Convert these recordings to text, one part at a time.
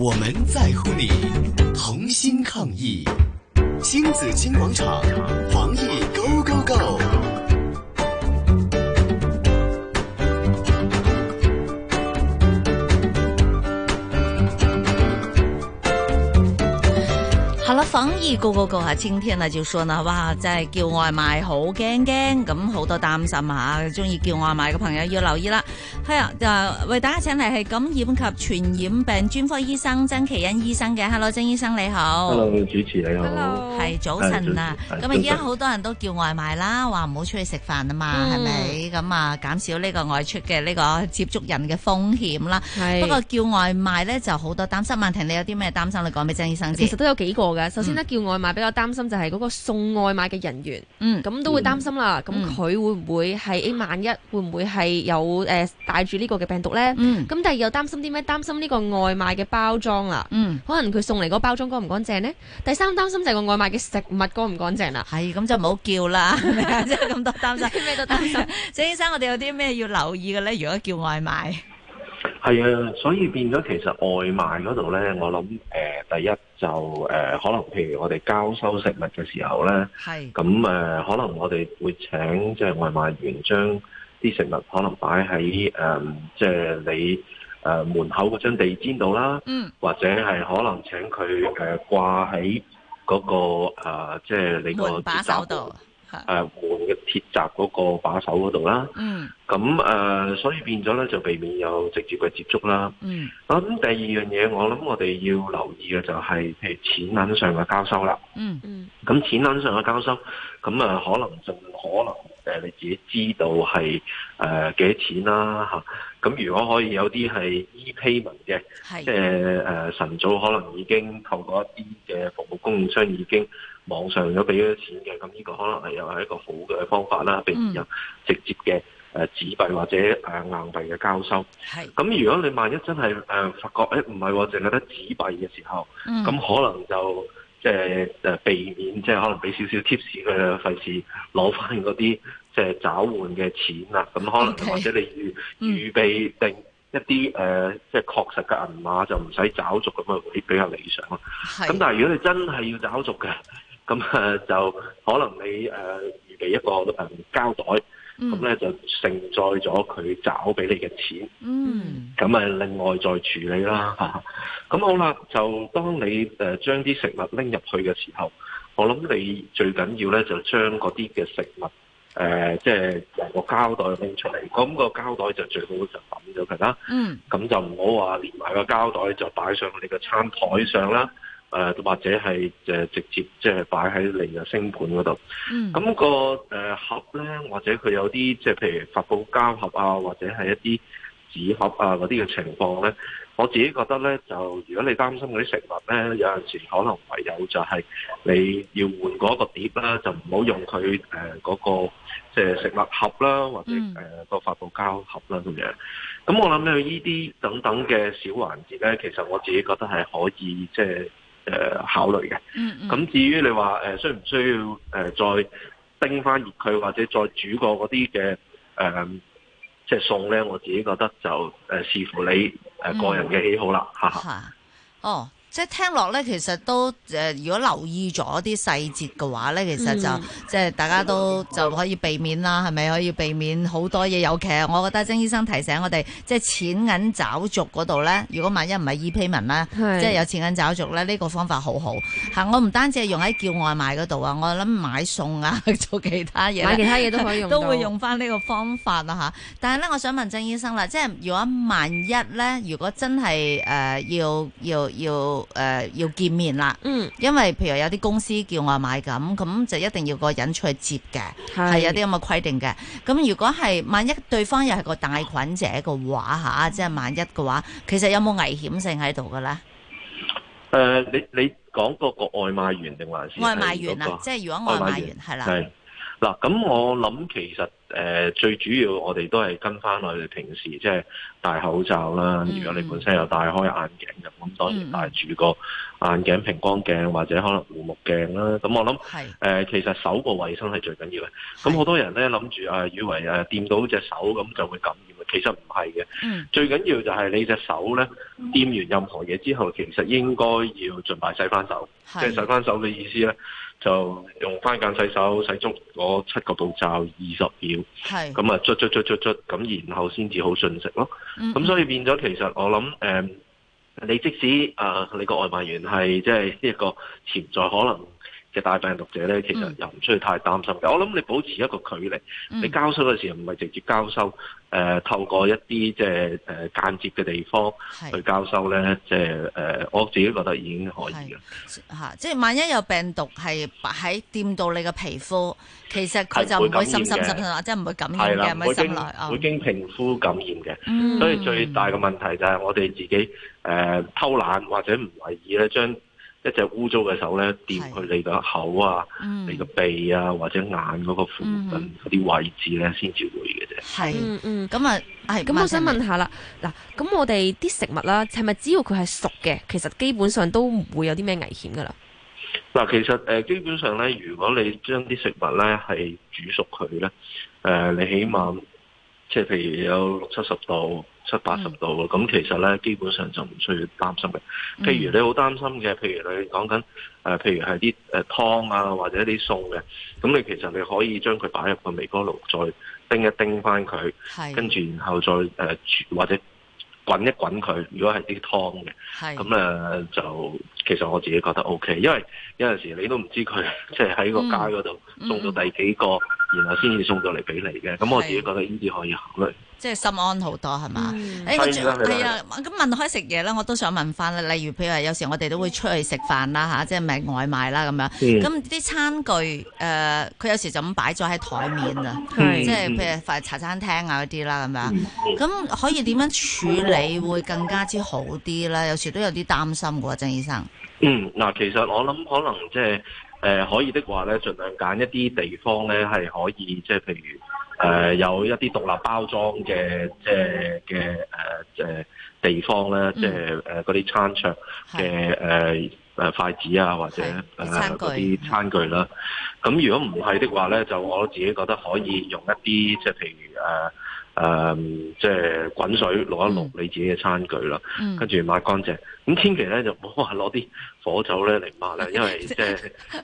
我們在乎你，同心抗疫。星子金廣場，防疫 go go go。反而個個個下青天啦，就算啦，哇！真係叫外賣好驚驚，咁好多擔心吓，中意叫外賣嘅朋友要留意啦。係啊，為、呃、大家請嚟係感染及傳染病專科醫生曾祈殷醫生嘅。Hello，曾醫生你好。Hello，主持你好。Hello，係早晨啊。咁啊，依家好多人都叫外賣啦，話唔好出去食飯啊嘛，係咪，嗯？咁啊，減少呢個外出嘅呢個接觸人嘅風險啦。是不過叫外賣咧就好多擔心，萬婷你有啲咩擔心？你講俾曾醫生知。其實都有幾個嘅。首先咧叫外賣比較擔心就係嗰個送外賣嘅人員，咁、嗯、都會擔心啦。咁佢、嗯、會唔會係萬一會唔會係有誒帶住呢個嘅病毒咧？咁、嗯、第二又擔心啲咩？擔心呢個外賣嘅包裝啦、啊，嗯、可能佢送嚟嗰包裝乾唔乾淨咧？第三擔心就係個外賣嘅食物乾唔乾淨啦。係咁、哎、就唔好叫啦，即係咁多擔心，咩 都擔心。曾醫生，我哋有啲咩要留意嘅咧？如果叫外賣？係啊，所以變咗其實外賣嗰度咧，我諗、呃、第一就可能、呃、譬如我哋交收食物嘅時候咧，咁是、呃、可能我哋會請即係、就是、外賣員將啲食物可能擺喺即係你誒、呃、門口嗰張地氈度啦，嗯、或者係可能請佢誒、呃、掛喺嗰、那個即係、嗯呃就是、你個把手度。誒，門嘅鐵閘嗰個把手嗰度啦，咁誒、嗯呃，所以變咗咧就避免有直接嘅接觸啦。咁、嗯、第二樣嘢，我諗我哋要留意嘅就係、是，譬如錢銀上嘅交收啦。嗯嗯，咁、嗯、錢銀上嘅交收，咁啊、呃，可能盡可能誒、呃、你自己知道係誒幾多錢啦吓。咁、啊、如果可以有啲係 e-payment 嘅，即係誒晨早可能已經透過一啲嘅服務供應商已經。網上有俾咗錢嘅，咁呢個可能係又係一個好嘅方法啦，譬如、嗯、直接嘅誒、呃、紙幣或者、呃、硬幣嘅交收。係是，咁如果你萬一真係、呃、發覺誒唔係喎，淨係得紙幣嘅時候，咁、嗯、可能就即係、呃、避免即係可能俾少少 tips 佢費事攞翻嗰啲即係找換嘅錢啦，咁可能或者你預備定一啲即係確實嘅銀碼就唔使找續咁啊，比比較理想咯。咁、啊、但係如果你真係要找續嘅。咁啊，就可能你誒、呃、預備一個誒膠袋，咁咧、嗯、就承載咗佢找俾你嘅錢。嗯，咁啊，另外再處理啦嚇咁。 好啦，就當你誒、呃、將啲食物拎入去嘅時候，我諗你最緊要咧就將嗰啲嘅食物誒，即、呃、係、就是、成個膠袋拎出嚟。咁、那個膠袋就最好就揼咗佢啦。嗯，咁就唔好話連埋個膠袋就擺上你嘅餐台上啦。誒或者係直接即係擺喺你嘅升盤嗰度。嗯。咁個誒盒咧，或者佢有啲即係譬如發泡膠盒啊，或者係一啲紙盒啊嗰啲嘅情況咧，我自己覺得咧，就如果你擔心嗰啲食物咧，有陣時可能唯有就係你要換嗰個碟啦，就唔好用佢嗰個即係食物盒啦，或者誒個發泡膠盒啦咁樣。咁、嗯、我諗咧，呢啲等等嘅小環節咧，其實我自己覺得係可以即係。就是誒，考慮嘅，咁、嗯、至於你話誒、呃，需唔需要誒、呃，再叮翻熱佢，或者再煮過嗰啲嘅誒，即係餸咧，我自己覺得就誒，視、呃、乎你誒、呃、個人嘅喜好啦，嗯、哈哈哦。即係聽落咧，其實都誒，如果留意咗啲細節嘅話咧，其實就即係、嗯、大家都就可以避免啦，係咪、嗯、可以避免好多嘢？尤其係我覺得曾醫生提醒我哋，即係錢銀找續嗰度咧，如果萬一唔係 e-payment 咧，即係有錢銀找續咧，呢個方法好好吓。我唔單止係用喺叫外賣嗰度啊，我諗買餸啊，去做其他嘢，買其他嘢都可以用，都會用翻呢個方法啊吓。但係咧，我想問曾醫生啦，即係如果萬一咧，如果真係誒要要要。要要誒、呃，要見面啦，嗯，因為譬如有啲公司叫外賣咁，咁就一定要個人出去接嘅，係是有啲咁嘅規定嘅。咁如果係萬一對方又係個帶菌者嘅話，吓，即係萬一嘅話，其實有冇危險性喺度嘅咧？誒、呃，你你講嗰個外賣員定還是，是外賣員？外賣員啊？即係如果外賣員係啦。的嗱，咁我諗其實誒、呃，最主要我哋都係跟翻我哋平時即係戴口罩啦。嗯、如果你本身又戴開眼鏡，又咁、嗯、當然戴住個眼鏡平光鏡或者可能護目鏡啦。咁我諗誒是、呃，其實手部衛生係最緊要嘅。咁好多人咧諗住啊，以為誒、啊、掂到隻手咁就會感染，其實唔係嘅。嗯、最緊要就係你隻手咧掂完任何嘢之後，其實應該要盡快洗翻手。即係是洗翻手嘅意思咧。就用番枧洗手，洗足攞七個步驟二十秒，咁啊捽捽捽捽捽，咁然後先至好進食咯。咁、嗯嗯、所以變咗其實我諗誒、嗯，你即使啊、呃、你個外賣員係即係一個潛在可能。嘅大病毒者咧，其實又唔需要太擔心。嗯、我諗你保持一個距離，嗯、你交收嘅時候唔係直接交收，呃、透過一啲即係間接嘅地方去交收咧，即係是、呃、我自己覺得已經可以嘅。即係萬一有病毒係喺掂到你嘅皮膚，其實佢就唔會深深深滲，或者唔會感染嘅，唔會滲來啊！會，會，會經皮內膚感染嘅，嗯、所以最大嘅問題就係我哋自己誒、呃、偷懶或者唔為意咧將。一隻污糟嘅手咧，掂佢你個口啊，嗯、你個鼻啊，或者眼嗰個附近嗰啲位置咧，先至會嘅啫。係，嗯，咁、嗯、啊，係，咁我想問下啦，嗱你，咁我哋啲食物啦，係咪只要佢係熟嘅，其實基本上都唔會有啲咩危險噶啦？嗱，其實誒、呃，基本上咧，如果你將啲食物咧係煮熟佢咧，誒、呃，你起碼即係譬如有六七十度。七八十度咯，咁、嗯、其實咧基本上就唔需要擔心嘅。譬如你好擔心嘅，譬如你講緊誒、呃，譬如係啲誒湯啊或者啲餸嘅，咁你其實你可以將佢擺入個微波爐再叮一叮翻佢，是跟住然後再誒、呃、煮、或者滾一滾佢。如果係啲湯嘅，咁咧是、嗯、就其實我自己覺得 O、OK, K，因為有陣時你都唔知佢即係喺個街嗰度送到第幾個。嗯嗯嗯然後先至送到嚟俾你嘅，咁我自己覺得呢啲可以考慮，即係、就是、心安好多係嘛？誒，我仲係啊，咁問開食嘢啦，我都想問翻啦。例如，比如，譬如有時候我哋都會出去食飯啦吓，即係叫外賣啦咁樣。咁啲是餐具誒，佢、呃、有時候就咁擺咗喺台面啊，即係譬如快茶餐廳啊嗰啲啦咁樣。咁、嗯、可以點樣處理、嗯、會更加之好啲咧？有時候都有啲擔心嘅喎，曾醫生。嗯，嗱、啊，其實我諗可能即係。誒、呃、可以的話咧，儘量揀一啲地方咧，係可以即係、就是、譬如誒、呃、有一啲獨立包裝嘅即係嘅誒地方咧，嗯、即係誒嗰啲餐桌嘅誒誒筷子啊，或者誒嗰啲餐具啦。咁如果唔係的話咧，就我自己覺得可以用一啲即係譬如誒。呃誒，即係、嗯就是、滾水攞一攞你自己嘅餐具啦，跟住抹乾淨。咁千祈咧就唔好話攞啲火酒咧嚟抹啦， 因為即係、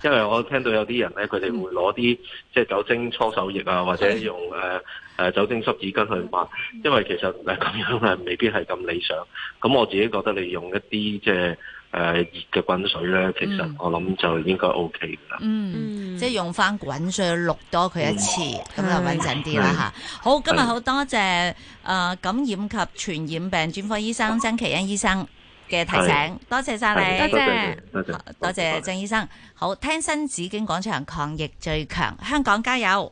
就是、因為我聽到有啲人咧，佢哋會攞啲即係酒精搓手液啊，或者用誒誒、呃呃、酒精濕紙巾去抹，的因為其實誒咁、嗯、樣咧未必係咁理想。咁我自己覺得你用一啲即係。就是誒，熱嘅滾水呢，其實我諗就應該 O K 噶啦。嗯，嗯即係用翻滾水去淥多佢一次，咁、嗯、就穩陣啲啦吓。好，今日好多謝誒是、呃，感染及傳染病專科醫生曾祈殷醫生嘅提醒，是多謝晒你，你，多謝，多謝，多謝鄭醫生。好，聽新紫荊廣場抗疫最強，香港加油！